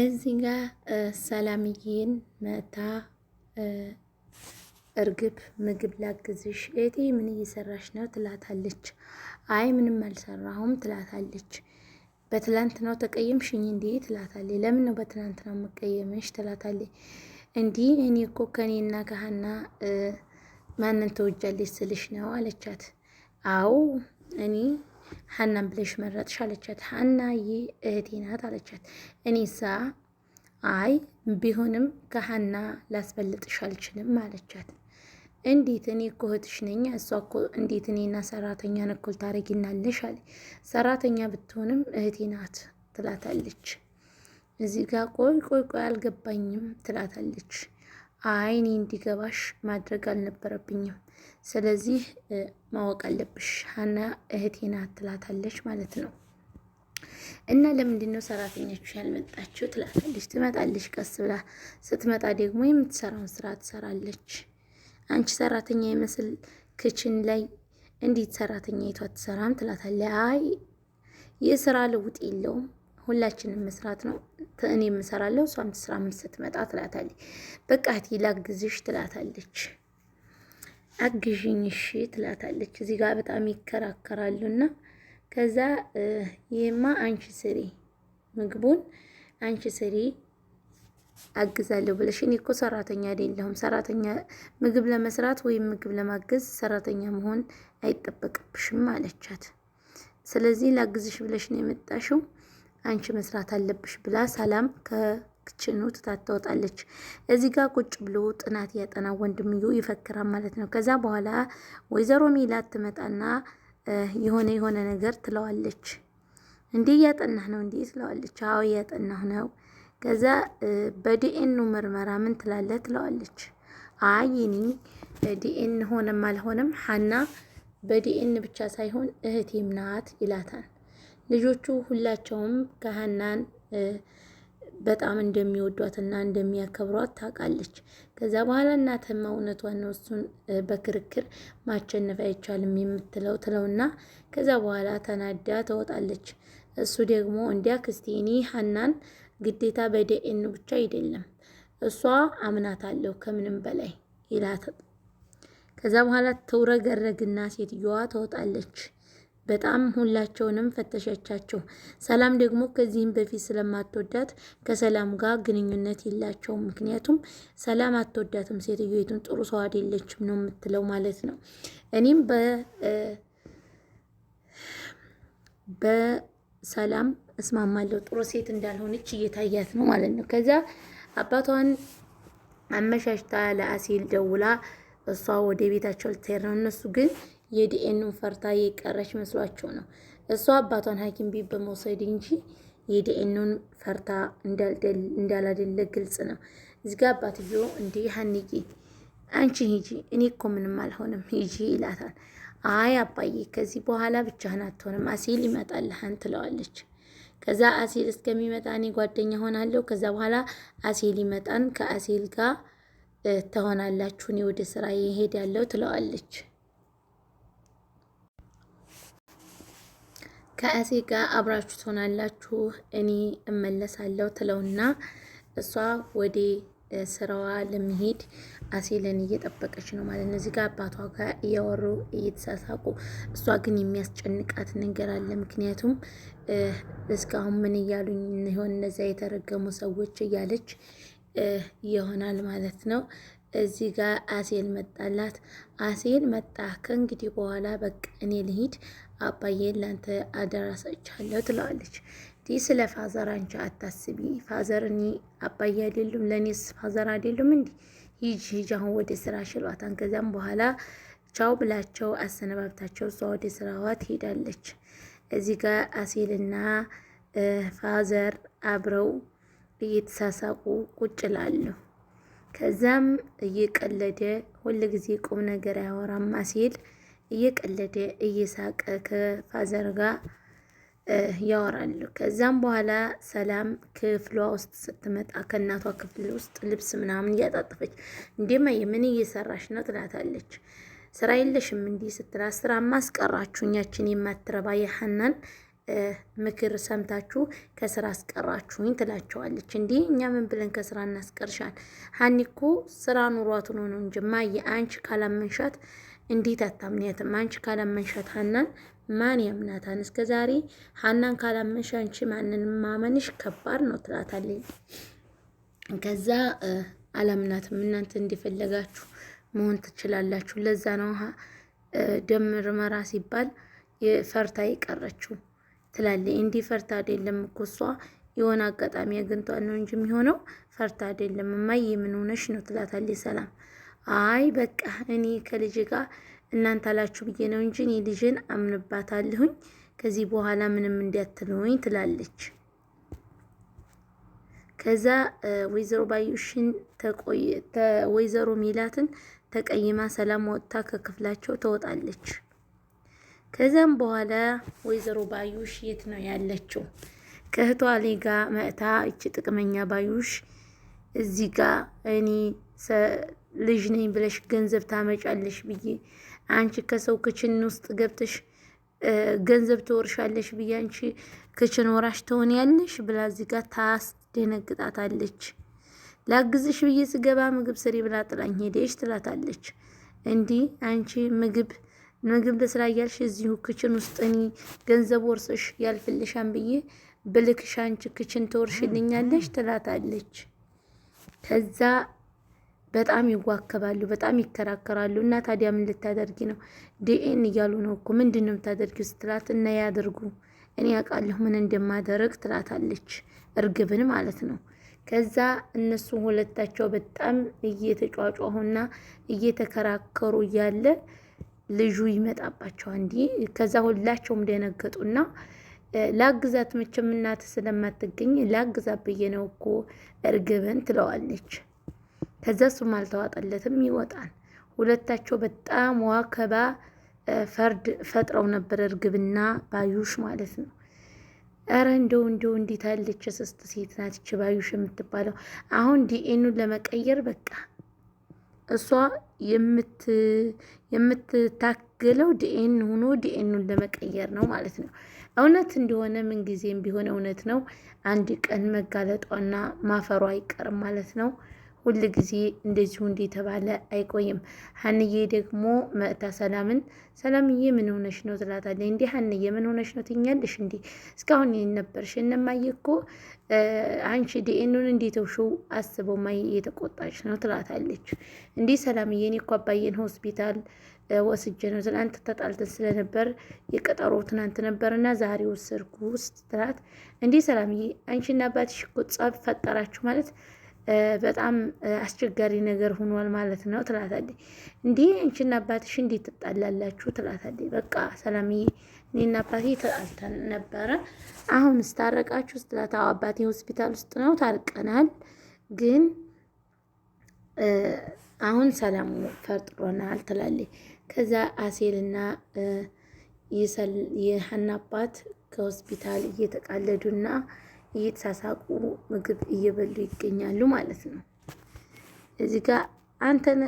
እዚህ ጋር ሰላምዬን መታ እርግብ ምግብ ላግዝሽ እቴ፣ ምን እየሰራሽ ነው ትላታለች። አይ ምንም አልሰራሁም ትላታለች። ነው ተቀየምሽኝ እንዴ ትላታለች። ለምን ነው ነው መቀየምሽ ትላታለች። እንዲህ እኔ እኮ ከኔና ከሀና ማንን ተወጃለች ስልሽ ነው አለቻት። አዎ እኔ ሀናን ብለሽ መረጥሽ አለቻት። ሀና ይህ እህቴ ናት አለቻት። እኔሳ አይ ቢሆንም ከሀና ላስበልጥሽ አልችልም አለቻት። እንዴት እኔ እኮ እህትሽ ነኝ። እሷ እኮ እንዴት እኔና ሰራተኛን እኩል ታደርጊናለሽ? አለ ሰራተኛ ብትሆንም እህቴ ናት ትላታለች። እዚህ ጋር ቆይ ቆይ ቆይ አልገባኝም ትላታለች። አይን እንዲገባሽ ማድረግ አልነበረብኝም፣ ስለዚህ ማወቅ አለብሽ ሀና እህቴ ትላታለች ማለት ነው። እና ለምንድን ነው ሰራተኛችሁ ያልመጣችሁ ትላታለች። ትመጣለች ቀስ ብላ። ስትመጣ ደግሞ የምትሰራውን ስራ ትሰራለች። አንቺ ሰራተኛ ይመስል ክችን ላይ እንዴት ሰራተኛ ይቷ ትሰራም ትላታለች። አይ የስራ ለውጥ የለውም ሁላችንም መስራት ነው። እኔ የምሰራለው እሷም ስራ ስትመጣ ትላታለች። በቃ እህቴ ላግዝሽ ትላታለች። አግዥኝ እሺ ትላታለች። እዚህ ጋር በጣም ይከራከራሉና ከዛ ይህማ አንቺ ስሪ ምግቡን አንቺ ስሪ አግዛለሁ ብለሽ እኔ እኮ ሰራተኛ አይደለሁም። ሰራተኛ ምግብ ለመስራት ወይም ምግብ ለማገዝ ሰራተኛ መሆን አይጠበቅብሽም አለቻት። ስለዚህ ላግዝሽ ብለሽ ነው የመጣሽው አንቺ መስራት አለብሽ ብላ ሰላም ከክችኑ ትታተወጣለች። እዚህ ጋር ቁጭ ብሎ ጥናት ያጠና ወንድምዮ ይፈክራል ማለት ነው። ከዛ በኋላ ወይዘሮ ሜላት ትመጣና የሆነ የሆነ ነገር ትለዋለች። እንዲህ እያጠናህ ነው እንዲህ ትለዋለች። አዎ እያጠናሁ ነው። ከዛ በዲኤኑ ምርመራ ምን ትላለህ ትለዋለች። አይ እኔ ዲኤን ሆነም አልሆነም ሀና በዲኤን ብቻ ሳይሆን እህቴም ናት ይላታል። ልጆቹ ሁላቸውም ከሀናን በጣም እንደሚወዷትና እንደሚያከብሯት ታውቃለች። ከዛ በኋላ እናትም እውነቷን ነው፣ እሱን በክርክር ማሸነፍ አይቻልም የምትለው ትለውና ከዛ በኋላ ተናዳ ትወጣለች። እሱ ደግሞ እንዲያ ክስቲኒ ሀናን ግዴታ በደኤን ብቻ አይደለም እሷ አምናታለሁ ከምንም በላይ ይላት። ከዛ በኋላ ትውረገረግና ሴትዮዋ ትወጣለች። በጣም ሁላቸውንም ፈተሸቻቸው። ሰላም ደግሞ ከዚህም በፊት ስለማትወዳት ከሰላም ጋር ግንኙነት የላቸውም። ምክንያቱም ሰላም አትወዳትም፣ ሴትዮቱን ጥሩ ሰው አይደለችም ነው የምትለው ማለት ነው። እኔም በሰላም እስማማለሁ፣ ጥሩ ሴት እንዳልሆነች እየታያት ነው ማለት ነው። ከዚያ አባቷን አመሻሽታ ለአሴል ደውላ እሷ ወደ ቤታቸው ልትሄድ ነው እነሱ ግን የዲኤንን ፈርታ የቀረች መስሏቸው ነው። እሷ አባቷን ሐኪም ቤት በመውሰድ እንጂ የዲኤንን ፈርታ እንዳላደለ ግልጽ ነው። እዚጋ አባትዮ እንዲህ ሀኒዬ አንቺ ሂጂ፣ እኔ እኮ ምንም አልሆንም ሂጂ ይላታል። አይ አባዬ ከዚህ በኋላ ብቻህን አትሆንም፣ አሴል ይመጣልህን ትለዋለች። ከዛ አሴል እስከሚመጣ እኔ ጓደኛ ሆናለሁ። ከዛ በኋላ አሴል ይመጣን፣ ከአሴል ጋር ትሆናላችሁ፣ እኔ ወደ ስራ ይሄዳለሁ ትለዋለች። ከአሴ ጋር አብራችሁ ትሆናላችሁ እኔ እመለሳለሁ ትለውና እሷ ወደ ስራዋ ለመሄድ አሴልን እየጠበቀች ነው ማለት ነው። እዚህ ጋር አባቷ ጋር እያወሩ እየተሳሳቁ፣ እሷ ግን የሚያስጨንቃት ነገር አለ። ምክንያቱም እስካሁን ምን እያሉኝ ይሆን እነዚያ የተረገሙ ሰዎች እያለች ይሆናል ማለት ነው። እዚህ ጋር አሴል መጣላት። አሴል መጣ። ከእንግዲህ በኋላ በቃ እኔ ልሂድ አባዬን ላንተ አደራ ሰጥቻለሁ ትለዋለች። እንዲህ ስለ ፋዘር አንቺ አታስቢ፣ ፋዘር እኔ አባዬ አይደሉም ለእኔስ ፋዘር አይደሉም። እንዲህ ሂጅ ሂጅ አሁን ወደ ስራ ሽሏታን። ከዚያም በኋላ ቻው ብላቸው አሰነባብታቸው እሷ ወደ ስራዋ ትሄዳለች። እዚህ ጋር አሴልና ፋዘር አብረው እየተሳሳቁ ቁጭ ላሉ። ከዛም እየቀለደ ሁልጊዜ ቁም ነገር አያወራም አሴል እየቀለደ እየሳቀ ከፋዘር ጋር ያወራሉ። ከዛም በኋላ ሰላም ክፍሏ ውስጥ ስትመጣ ከእናቷ ክፍል ውስጥ ልብስ ምናምን እያጣጠፈች እንደማየ ምን እየሰራሽ ነው ትላታለች። ስራ የለሽም እንዲህ ስትላት ስራ ማስቀራችሁኛችን የማትረባ የሐናን ምክር ሰምታችሁ ከስራ አስቀራችሁኝ ትላቸዋለች። እንዲህ እኛ ምን ብለን ከስራ እናስቀርሻል? ሀኒኮ ስራ ኑሯት ሆኖ ነው እንጂ ማየ አንቺ ካላመንሻት እንዴት አታምንያትም? አንቺ ካላመንሻት ሀናን ማን ያምናታን? እስከ ዛሬ ሀናን ካላመንሽ አንቺ ማንን ማመንሽ ከባድ ነው ትላታለኝ። ከዛ አላምናትም፣ እናንተ እንዲፈለጋችሁ መሆን ትችላላችሁ። ለዛ ነው ደም ምርመራ ሲባል ፈርታ የቀረችው ትላለች። እንዲህ ፈርታ አይደለም እኮ እሷ የሆነ አጋጣሚ አግኝቷ ነው እንጂ የሚሆነው ፈርታ አይደለም። እማዬ ምን ሆነሽ ነው ትላታለች ሰላም አይ በቃ እኔ ከልጅ ጋር እናንተ አላችሁ ብዬ ነው እንጂ እኔ ልጅን አምንባታለሁኝ ከዚህ በኋላ ምንም እንዲያትለኝ ትላለች። ከዛ ወይዘሮ ባዩሽን ወይዘሮ ሚላትን ተቀይማ ሰላም ወጥታ ከክፍላቸው ትወጣለች። ከዛም በኋላ ወይዘሮ ባዩሽ የት ነው ያለችው? ከእህቷ ሌ ጋ መእታ እች ጥቅመኛ ባዩሽ እዚህ እኔ ልጅ ነኝ ብለሽ ገንዘብ ታመጫለሽ ብዬ አንቺ ከሰው ክችን ውስጥ ገብተሽ ገንዘብ ትወርሻለሽ ብዬ አንቺ ክችን ወራሽ ትሆን ያለሽ ብላ እዚህ ጋር ታስደነግጣታለች። ላግዝሽ ብዬ ስገባ ምግብ ስሪ ብላ ጥላኝ ሄደሽ ትላታለች። እንዲህ አንቺ ምግብ ምግብ ለስራ እያልሽ እዚሁ ክችን ውስጥ እኔ ገንዘብ ወርስሽ ያልፍልሻን ብዬ ብልክሽ አንቺ ክችን ትወርሽልኛለሽ ትላታለች። ከዛ በጣም ይዋከባሉ፣ በጣም ይከራከራሉ። እና ታዲያ ምን ልታደርጊ ነው? ዲኤን እያሉ ነው እኮ ምንድን ነው የምታደርጊው ስትላት እና ያደርጉ እኔ ያውቃለሁ ምን እንደማደረግ ትላታለች፣ እርግብን ማለት ነው። ከዛ እነሱ ሁለታቸው በጣም እየተጫጫሁና እየተከራከሩ እያለ ልጁ ይመጣባቸው እንዲ ከዛ ሁላቸውም ደነገጡና ላግዛት መቼም እናት ስለማትገኝ ላግዛት ብዬ ነው እኮ እርግብን ትለዋለች። ከዛ እሱም አልተዋጠለትም ይወጣል። ሁለታቸው በጣም ዋከባ ፈርድ ፈጥረው ነበር፣ እርግብና ባዩሽ ማለት ነው። ረ እንደው እንደው እንዴት አለች ስስት ሴት ናት ይች ባዩሽ የምትባለው። አሁን ዲኤኑን ለመቀየር በቃ እሷ የምትታገለው ዲኤን ሆኖ ዲኤኑን ለመቀየር ነው ማለት ነው። እውነት እንደሆነ ምንጊዜም ቢሆን እውነት ነው። አንድ ቀን መጋለጧና ማፈሯ አይቀርም ማለት ነው። ሁል ጊዜ እንደዚሁ እንደተባለ አይቆይም። ሀንዬ ደግሞ መእታ ሰላምን ሰላምዬ ምን ሆነሽ ነው ትላታለች። እንዲህ ሀንዬ ምን ሆነሽ ነው ትኛለሽ? እንዲህ እስካሁን ነበርሽ እነማየ እኮ አንቺ ዲኤኑን እንዴት ውሽው አስበው ማየ እየተቆጣች ነው ትላታለች። እንዲህ ሰላምዬ እኔ እኮ አባዬን ሆስፒታል ወስጄ ነው ትናንት ተጣልተን ስለነበር የቀጠሮ ትናንት ነበርና ዛሬ ወሰድኩ ውስጥ ትላት። እንዲህ ሰላምዬ አንቺና አባትሽ እኮ ጸብ ፈጠራችሁ ማለት በጣም አስቸጋሪ ነገር ሆኗል ማለት ነው ትላታለች። እንዲህ እንችና አባትሽ እንዴት ትጣላላችሁ? ትላታለች። በቃ ሰላምዬ እኔና አባቴ ተጣልተን ነበረ፣ አሁን ስታረቃችሁ ስትላት፣ አዎ አባቴ ሆስፒታል ውስጥ ነው ታርቀናል፣ ግን አሁን ሰላም ፈርጥሮናል ትላለች። ከዛ አሴልና የሀና አባት ከሆስፒታል እየተቃለዱና እየተሳሳቁ ምግብ እየበሉ ይገኛሉ ማለት ነው። እዚህ ጋር አንተን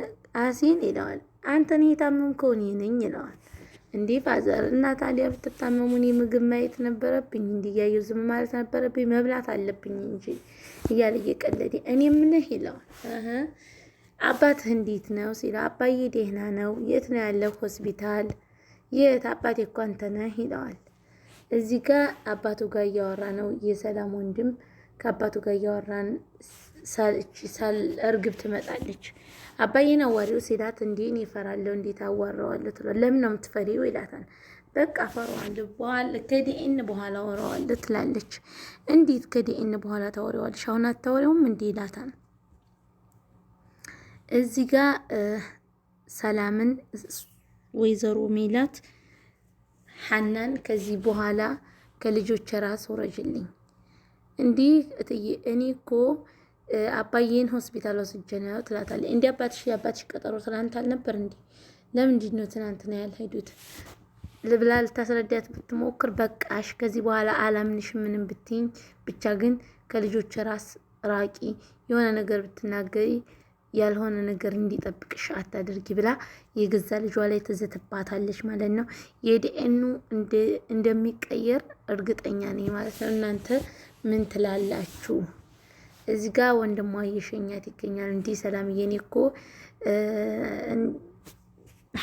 አሲን ይለዋል። አንተን የታመምከው እኔ ነኝ ይለዋል። እንዲህ ፋዘር እና ታዲያ ብትታመሙ እኔ ምግብ ማየት ነበረብኝ? እንዲያየው ዝም ማለት ነበረብኝ? መብላት አለብኝ እንጂ እያለ እየቀለደ እኔ ምንህ ይለዋል። አባትህ እንዴት ነው ሲለው፣ አባዬ ደህና ነው። የት ነው ያለው? ሆስፒታል። የት አባቴ እኮ አንተ ነህ ይለዋል። እዚህ ጋር አባቱ ጋር እያወራ ነው። የሰላም ወንድም ከአባቱ ጋር እያወራን ሳልች እርግብ ትመጣለች። አባዬን አዋሪው ሲላት እንዲህን ይፈራለሁ እንዴት አዋረዋለሁ ትሏል። ለምን ነው የምትፈሪው ይላታል። በቃ ፈረዋለሁ በኋላ ከዲኤን በኋላ ወረዋለሁ ትላለች። እንዴት ከዲኤን በኋላ ታወሪዋለሽ አሁን አታወሪውም እንዲህ ይላታል። እዚህ ጋር ሰላምን ወይዘሮ ሜላት ሐናን ከዚህ በኋላ ከልጆች ራስ ወረጅልኝ። እንዲህ እትዬ እኔ እኮ አባዬን ሆስፒታል ወስጄ ነው ትላታለች። እንዲህ አባትሽ የአባትሽ ቀጠሮ ትናንት አልነበር እንዲ ለምንድን ነው ትናንትና ያልሄዱት ልብላ ልታስረዳት ብትሞክር በቃሽ፣ ከዚህ በኋላ አላምንሽ ምንም ብትይኝ፣ ብቻ ግን ከልጆች ራስ ራቂ፣ የሆነ ነገር ብትናገሪ ያልሆነ ነገር እንዲጠብቅሽ አታድርጊ ብላ የገዛ ልጇ ላይ ትዝትባታለች ማለት ነው። የዲኤኑ እንደሚቀየር እርግጠኛ ነኝ ማለት ነው። እናንተ ምን ትላላችሁ? እዚህ ጋ ወንድሟ እየሸኛት ይገኛል። እንዲህ ሰላም እኔ እኮ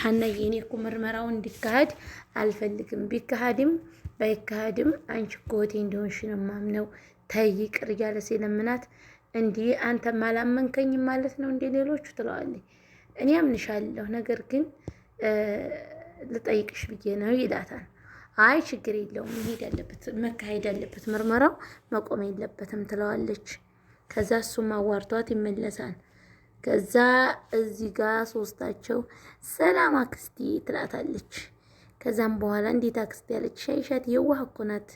ሀናዬ፣ እኔ እኮ ምርመራው እንዲካሄድ አልፈልግም። ቢካሄድም ባይካሄድም አንቺ እኮ እህቴ እንደሆንሽ ነው የማምነው። ተይ ይቅር እያለ ሲለምናት እንዲህ አንተም አላመንከኝም ማለት ነው እንዴ ሌሎቹ ትለዋለች። እኔ አምንሻለሁ፣ ነገር ግን ልጠይቅሽ ብዬ ነው ይላታል። አይ ችግር የለውም መሄድ ያለበት መካሄድ ያለበት ምርመራው መቆም የለበትም ትለዋለች። ከዛ እሱም አዋርቷት ይመለሳል። ከዛ እዚህ ጋር ሶስታቸው ሰላም አክስቴ ትላታለች። ከዛም በኋላ እንዴት አክስቴ ያለች ሻይሻት የዋህ እኮ ናት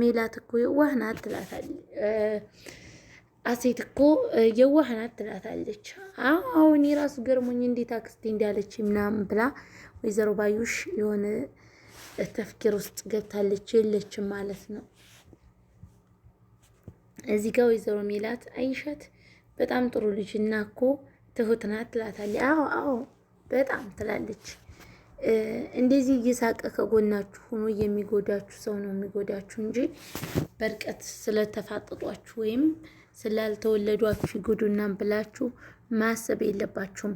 ሜላት እኮ የዋህ ናት ትላታለች። አሴት እኮ የዋህ ናት ትላታለች። አሁን የራሱ ገርሞኝ እንዴት አክስቴ እንዳለች ምናምን ብላ ወይዘሮ ባዩሽ የሆነ ተፍኪር ውስጥ ገብታለች። የለችም ማለት ነው። እዚህ ጋር ወይዘሮ ሜላት አይሻት በጣም ጥሩ ልጅ እና እኮ ትሁት ናት ትላታለች። አዎ አዎ በጣም ትላለች። እንደዚህ እየሳቀ ከጎናችሁ ሆኖ የሚጎዳችሁ ሰው ነው የሚጎዳችሁ እንጂ በርቀት ስለተፋጠጧችሁ ወይም ስላልተወለዷችሁ ይጎዱናን ብላችሁ ማሰብ የለባችሁም።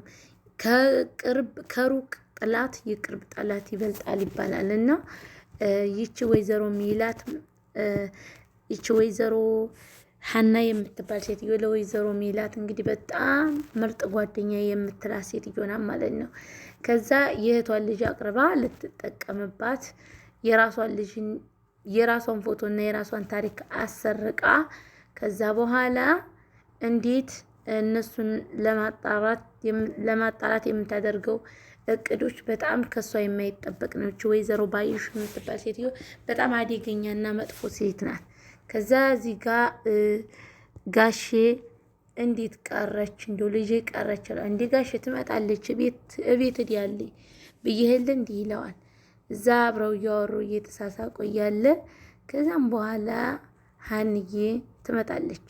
ከቅርብ ከሩቅ ጠላት የቅርብ ጠላት ይበልጣል ይባላል እና ይቺ ወይዘሮ ሚላት ይቺ ወይዘሮ ሀና የምትባል ሴትዮ ለወይዘሮ ሚላት እንግዲህ በጣም ምርጥ ጓደኛ የምትላት ሴትዮና ማለት ነው። ከዛ የእህቷን ልጅ አቅርባ ልትጠቀምባት የራሷን ልጅን የራሷን ፎቶና የራሷን ታሪክ አሰርቃ ከዛ በኋላ እንዴት እነሱን ለማጣራት የምታደርገው እቅዶች በጣም ከእሷ የማይጠበቅ ነው። ወይዘሮ ባዩሽ የምትባል ሴትዮ በጣም አደገኛና መጥፎ ሴት ናት። ከዛ እዚህ ጋ ጋሼ እንዴት ቀረች እንደው ልጄ ቀረች ይላል። እንዴ ጋሼ ትመጣለች እቤት እድ ያለ ብይህል እንዲህ ይለዋል። እዛ አብረው እያወሩ እየተሳሳቁ እያለ ከዛም በኋላ ሀንዬ ትመጣለች።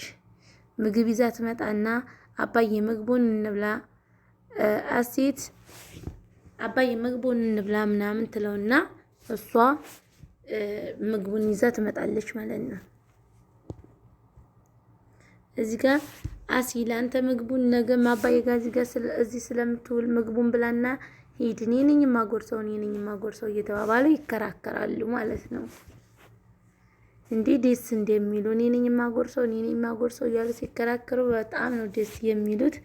ምግብ ይዛ ትመጣና አባዬ ምግቡን እንብላ፣ አሴት አባዬ ምግቡን እንብላ ምናምን ትለውና እሷ ምግቡን ይዛ ትመጣለች ማለት ነው። እዚህ ጋር አሲል አንተ ምግቡን ነገ ማባዬ ጋር እዚህ ጋር እዚህ ስለምትውል ምግቡን ብላና ሂድ፣ እኔ ነኝ የማጎርሰው፣ እኔ ነኝ የማጎርሰው እየተባባሉ ይከራከራሉ ማለት ነው። እንዴ ደስ እንደሚሉ እኔ ነኝ የማጎርሰው እኔ ነኝ የማጎርሰው እያሉ ሲከራከሩ በጣም ነው ደስ የሚሉት።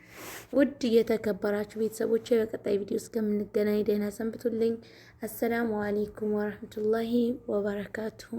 ውድ የተከበራችሁ ቤተሰቦች በቀጣይ ቪዲዮ እስከምንገናኝ ደህና ሰንብቱልኝ። አሰላሙ አሌይኩም ወረህመቱላሂ ወበረካቱሁ።